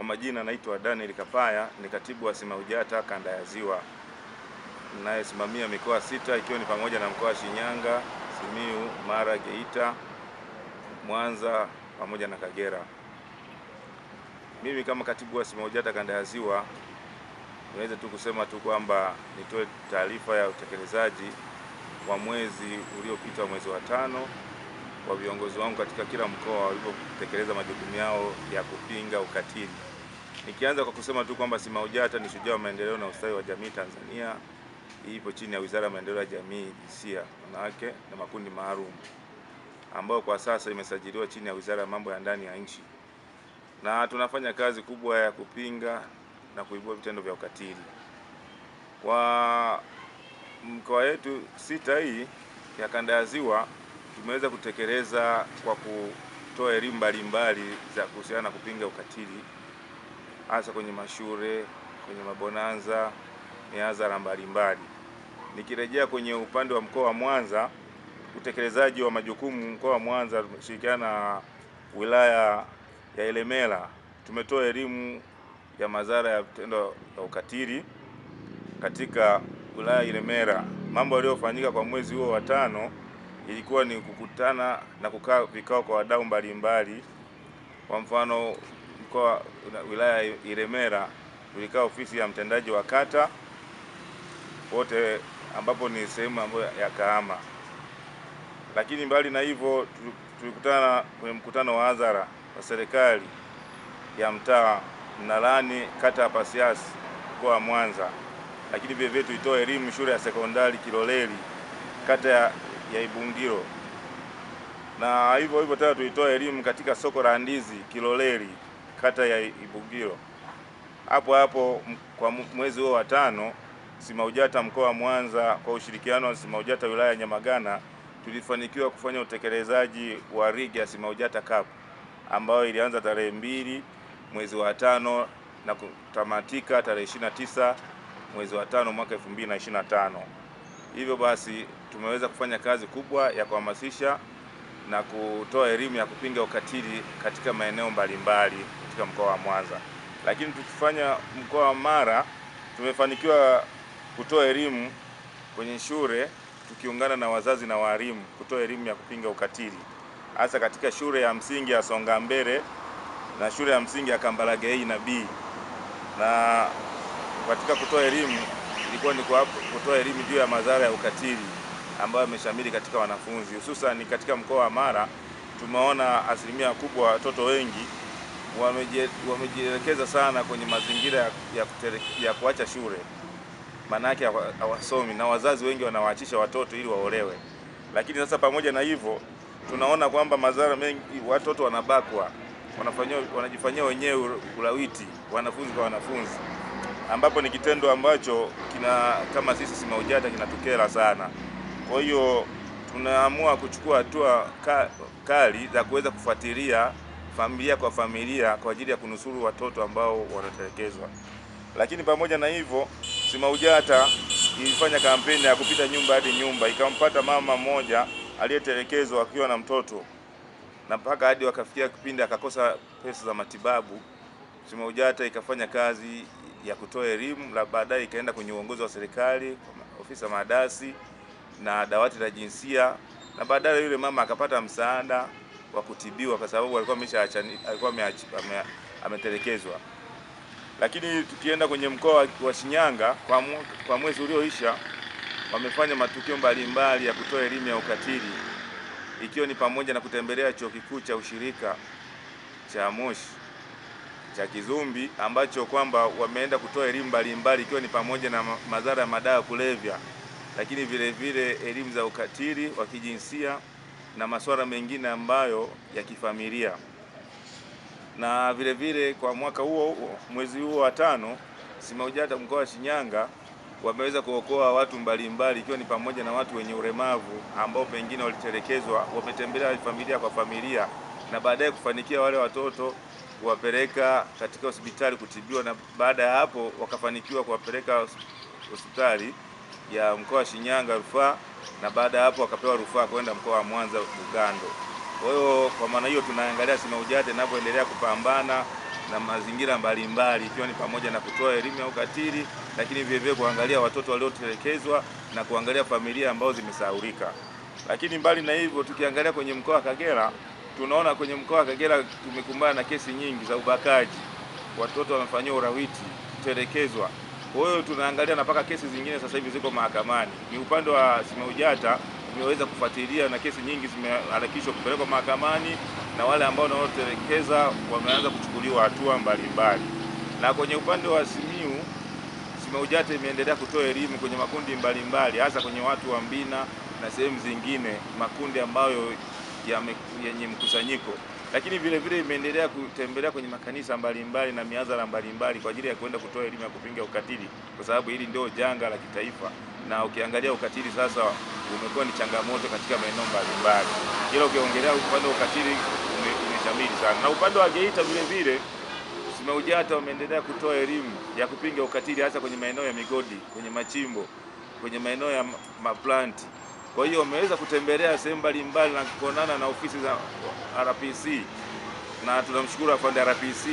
Kwa majina naitwa Daniel Kapaya, ni katibu wa SMAUJATA kanda ya Ziwa, ninayesimamia mikoa sita ikiwa ni pamoja na mkoa wa Shinyanga, Simiu, Mara, Geita, Mwanza pamoja na Kagera. Mimi kama katibu wa SMAUJATA kanda ya Ziwa niweze tu kusema tu kwamba nitoe taarifa ya utekelezaji wa mwezi uliopita, mwezi wa tano, kwa viongozi wangu katika kila mkoa walivyotekeleza majukumu yao ya kupinga ukatili. Nikianza kwa kusema tu kwamba SMAUJATA ni shujaa wa maendeleo na ustawi wa jamii Tanzania. Hii ipo chini ya Wizara ya Maendeleo ya Jamii, Jinsia, Wanawake na Makundi Maalum, ambayo kwa sasa imesajiliwa chini ya Wizara ya Mambo ya Ndani ya Nchi, na tunafanya kazi kubwa ya kupinga na kuibua vitendo vya ukatili kwa mkoa wetu sita hii ya kanda ya Ziwa. Tumeweza kutekeleza kwa kutoa elimu mbalimbali za kuhusiana na kupinga ukatili hasa kwenye mashure, kwenye mabonanza, mihadhara mbalimbali. Nikirejea kwenye upande wa mkoa wa Mwanza, utekelezaji wa majukumu mkoa wa Mwanza, tumeshirikiana na wilaya ya Ilemela, tumetoa elimu ya madhara ya vitendo ya ukatili katika wilaya ya Ilemela. Mambo yaliyofanyika kwa mwezi huo wa tano ilikuwa ni kukutana na kukaa vikao kwa wadau mbalimbali, kwa mfano mkoa wilaya iremera Ilemela tulikaa ofisi ya mtendaji wa kata wote, ambapo ni sehemu ambayo ya Kahama. Lakini mbali na hivyo, tulikutana kwenye mkutano wa hadhara wa serikali ya mtaa Mnalani, kata ya Pasiansi, mkoa wa Mwanza. Lakini vile vile tulitoa elimu shule ya sekondari Kiloleli, kata ya Ibungilo, na hivyo hivyo tena tulitoa elimu katika soko la ndizi Kiloleli kata ya Ibugiro. Hapo hapo kwa mwezi huo wa tano, SMAUJATA mkoa wa Mwanza kwa ushirikiano wa SMAUJATA wilaya ya Nyamagana tulifanikiwa kufanya utekelezaji wa ligi ya SMAUJATA Cup ambayo ilianza tarehe mbili mwezi wa tano na kutamatika tarehe 29 mwezi wa tano mwaka 2025. Hivyo basi tumeweza kufanya kazi kubwa ya kuhamasisha na kutoa elimu ya kupinga ukatili katika maeneo mbalimbali katika mkoa wa Mwanza. Lakini tukifanya mkoa wa Mara, tumefanikiwa kutoa elimu kwenye shule tukiungana na wazazi na walimu kutoa elimu ya kupinga ukatili hasa katika shule ya msingi ya mbele na shule ya msingi ya Kambarage A na B. Na katika kutoa elimu ilikuwa ni kutoa elimu juu ya madhara ya ukatili ambayo yameshamiri katika wanafunzi, hususan katika mkoa wa Mara. Tumeona asilimia kubwa watoto wengi wamejielekeza sana kwenye mazingira ya, ya, kutere, ya kuacha shule, maanake hawasomi na wazazi wengi wanawaachisha watoto ili waolewe. Lakini sasa pamoja na hivyo tunaona kwamba madhara mengi, watoto wanabakwa, wanajifanyia wenyewe ulawiti wanafunzi kwa wanafunzi, ambapo ni kitendo ambacho kina kama sisi SMAUJATA kinatukera sana. Kwa hiyo tunaamua kuchukua hatua kali za kuweza kufuatilia familia kwa familia kwa ajili ya kunusuru watoto ambao wanatelekezwa. Lakini pamoja na hivyo, SMAUJATA ilifanya kampeni ya kupita nyumba hadi nyumba, ikampata mama mmoja aliyetelekezwa akiwa na mtoto na mpaka hadi wakafikia kipindi akakosa pesa za matibabu. SMAUJATA ikafanya kazi ya kutoa elimu, na baadaye ikaenda kwenye uongozi wa serikali, ofisa madasi na dawati la jinsia, na baadaye yule mama akapata msaada wa kutibiwa kwa sababu alikuwa ameshaacha alikuwa ametelekezwa. Lakini tukienda kwenye mkoa wa Shinyanga kwa, kwa mwezi ulioisha wamefanya matukio mbalimbali ya kutoa elimu ya ukatili ikiwa ni pamoja na kutembelea chuo kikuu cha ushirika cha Moshi cha Kizumbi ambacho kwamba wameenda kutoa elimu mbalimbali ikiwa ni pamoja na madhara ya madawa ya kulevya lakini vile vile elimu za ukatili wa kijinsia na masuala mengine ambayo ya kifamilia. Na vile vile kwa mwaka huo mwezi huo wa tano, SMAUJATA mkoa wa Shinyanga wameweza kuokoa watu mbalimbali ikiwa ni pamoja na watu wenye ulemavu ambao pengine walitelekezwa, wametembelea familia kwa familia na baadaye kufanikia wale watoto kuwapeleka katika hospitali kutibiwa, na baada ya hapo wakafanikiwa kuwapeleka hospitali ya mkoa wa Shinyanga rufaa, na baada ya hapo akapewa rufaa kwenda mkoa wa Mwanza Bugando. Kwa hiyo kwa maana hiyo tunaangalia SMAUJATA inavyoendelea kupambana na mazingira mbalimbali ikiwa ni pamoja na kutoa elimu ya ukatili, lakini vile kuangalia watoto waliotelekezwa na kuangalia familia ambazo zimesahaulika. Lakini mbali na hivyo, tukiangalia kwenye mkoa wa Kagera, tunaona kwenye mkoa wa Kagera tumekumbana na kesi nyingi za ubakaji, watoto wamefanyiwa urawiti kutelekezwa. Kwa hiyo tunaangalia na mpaka kesi zingine sasa hivi ziko mahakamani. Ni upande wa SMAUJATA tumeweza kufuatilia na kesi nyingi zimeharakishwa kupelekwa mahakamani na wale ambao wanaotelekeza wameanza kuchukuliwa hatua mbalimbali. Na kwenye upande wa SimiU, SMAUJATA imeendelea kutoa elimu kwenye makundi mbalimbali, hasa kwenye watu wa Mbina na sehemu zingine, makundi ambayo yenye mkusanyiko lakini vile vile imeendelea kutembelea kwenye makanisa mbalimbali mbali na miadhara mbalimbali kwa ajili ya kwenda kutoa elimu ya kupinga ukatili, kwa sababu hili ndio janga la kitaifa, na ukiangalia ukatili sasa umekuwa ni changamoto katika maeneo mbalimbali, ila ukiongelea upande wa ukatili umeshamiri sana. Na upande wa Geita vile vile SMAUJATA wameendelea kutoa elimu ya kupinga ukatili hasa kwenye maeneo ya migodi, kwenye machimbo, kwenye maeneo ya maplanti kwa hiyo wameweza kutembelea sehemu mbalimbali na kuonana na ofisi za RPC na tunamshukuru afande RPC,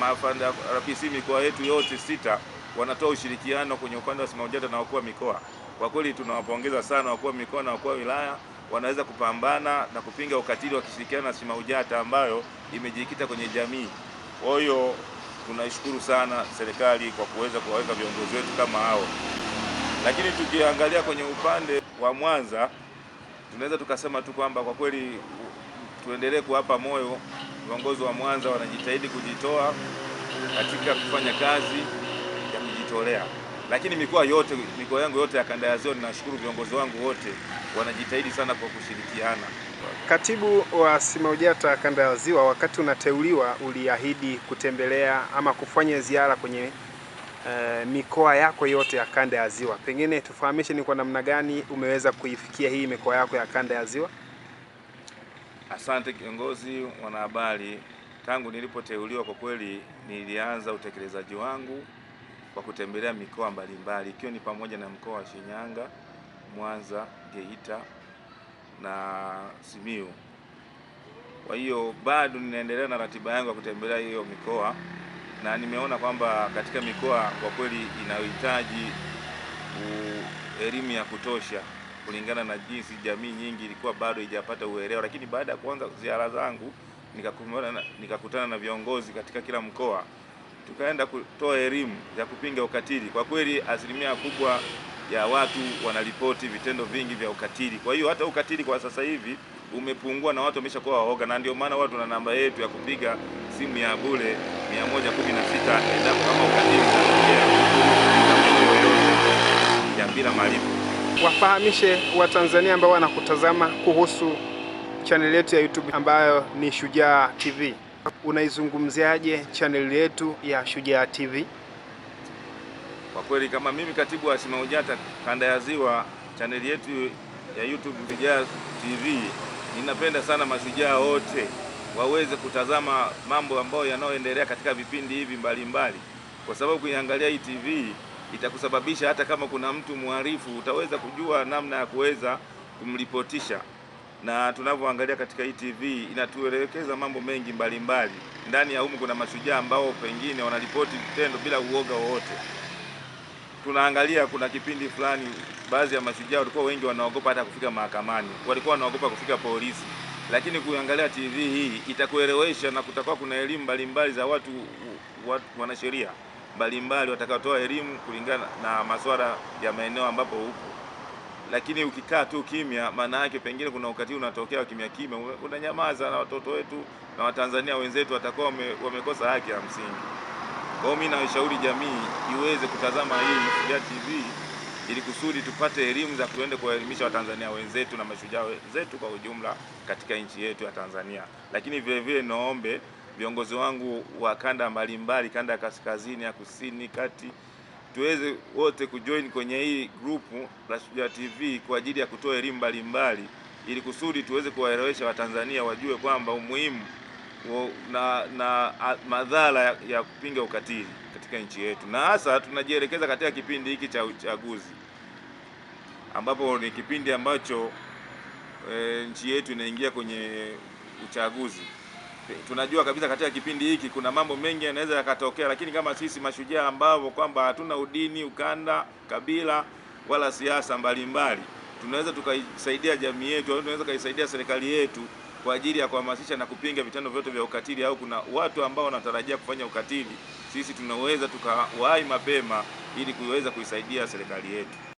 maafande RPC mikoa yetu yote sita wanatoa ushirikiano kwenye upande wa simaujata na wakuu wa mikoa. Kwa kweli tunawapongeza sana wakuu wa mikoa na wakuu wa wilaya wanaweza kupambana na kupinga ukatili wakishirikiana na Sima Ujata ambayo imejikita kwenye jamii. Kwa hiyo tunaishukuru sana serikali kwa kuweza kuwaweka viongozi wetu kama hao, lakini tukiangalia kwenye upande wa Mwanza, tunaweza tukasema tu kwamba kwa kweli tuendelee kuwapa moyo viongozi wa Mwanza, wanajitahidi kujitoa katika kufanya kazi ya kujitolea. Lakini mikoa yote, mikoa yangu yote ya kanda ya Ziwa, ninashukuru viongozi wangu wote wanajitahidi sana kwa kushirikiana. Katibu wa SMAUJATA kanda ya Ziwa, wakati unateuliwa uliahidi kutembelea ama kufanya ziara kwenye Eh, mikoa yako yote ya kanda ya Ziwa. Pengine tufahamishe ni kwa namna gani umeweza kuifikia hii mikoa yako ya kanda ya Ziwa. Asante kiongozi, wanahabari. Tangu nilipoteuliwa kwa kweli, nilianza utekelezaji wangu kwa kutembelea mikoa mbalimbali ikiwa ni pamoja na mkoa wa Shinyanga, Mwanza, Geita na Simiyu. Kwa hiyo bado ninaendelea na ratiba yangu ya kutembelea hiyo mikoa na nimeona kwamba katika mikoa kwa kweli inahitaji elimu ya kutosha kulingana na jinsi jamii nyingi ilikuwa bado haijapata uelewa, lakini baada ya kuanza ziara zangu nikakutana na viongozi katika kila mkoa, tukaenda kutoa elimu ya kupinga ukatili. Kwa kweli asilimia kubwa ya watu wanaripoti vitendo vingi vya ukatili. Kwa hiyo hata ukatili kwa sasa hivi umepungua na watu wameshakuwa waoga, na ndio maana watu na namba yetu ya kupiga simu ya bure 116 endapo kama ukatili ya bila malipo. Wafahamishe Watanzania ambao wanakutazama kuhusu chaneli yetu ya YouTube ambayo ni Shujaa TV. Unaizungumziaje chaneli yetu ya Shujaa TV? Kwa kweli kama mimi katibu wa SMAUJATA kanda ya Ziwa, chaneli yetu ya YouTube Shujaa TV, ninapenda sana mashujaa wote waweze kutazama mambo ambayo yanayoendelea katika vipindi hivi mbalimbali mbali. Kwa sababu kuiangalia hii TV itakusababisha hata kama kuna mtu mwarifu utaweza kujua namna ya kuweza kumripotisha, na tunavyoangalia katika hii TV inatuelekeza mambo mengi mbalimbali mbali. Ndani ya humu kuna mashujaa ambao pengine wanaripoti vitendo bila uoga wowote. Tunaangalia kuna kipindi fulani, baadhi ya mashujaa walikuwa wengi wanaogopa hata kufika mahakamani, walikuwa wanaogopa kufika polisi lakini kuangalia TV hii itakuelewesha na kutakuwa kuna elimu mbalimbali za watu, watu wanasheria mbalimbali watakaotoa elimu kulingana na masuala ya maeneo ambapo huko Lakini ukikaa tu kimya, maana yake pengine kuna wakati unatokea kimya kimya, unanyamaza na watoto wetu na Watanzania wenzetu watakuwa wame, wamekosa haki ya msingi. Kwa hiyo mimi jamii iweze kutazama hii ya TV ili kusudi tupate elimu za tuende kuwaelimisha Watanzania wenzetu na mashujaa wenzetu kwa ujumla katika nchi yetu ya Tanzania. Lakini vile vile naombe viongozi wangu wa kanda mbalimbali, kanda ya kaskazini, ya kusini, kati, tuweze wote kujoin kwenye hii grupu la Shujaa TV kwa ajili ya kutoa elimu mbalimbali ili kusudi tuweze kuwaelewesha Watanzania wajue kwamba umuhimu na, na madhara ya, ya kupinga ukatili katika nchi yetu na hasa tunajielekeza katika kipindi hiki cha uchaguzi ambapo ni kipindi ambacho e, nchi yetu inaingia kwenye uchaguzi. Tunajua kabisa katika kipindi hiki kuna mambo mengi yanaweza yakatokea, lakini kama sisi mashujaa ambao kwamba hatuna udini, ukanda, kabila wala siasa mbalimbali, tunaweza tukaisaidia jamii yetu au tunaweza tukaisaidia serikali yetu kwa ajili ya kuhamasisha na kupinga vitendo vyote vya ukatili, au kuna watu ambao wanatarajia kufanya ukatili, sisi tunaweza tukawahi mapema ili kuweza kuisaidia serikali yetu.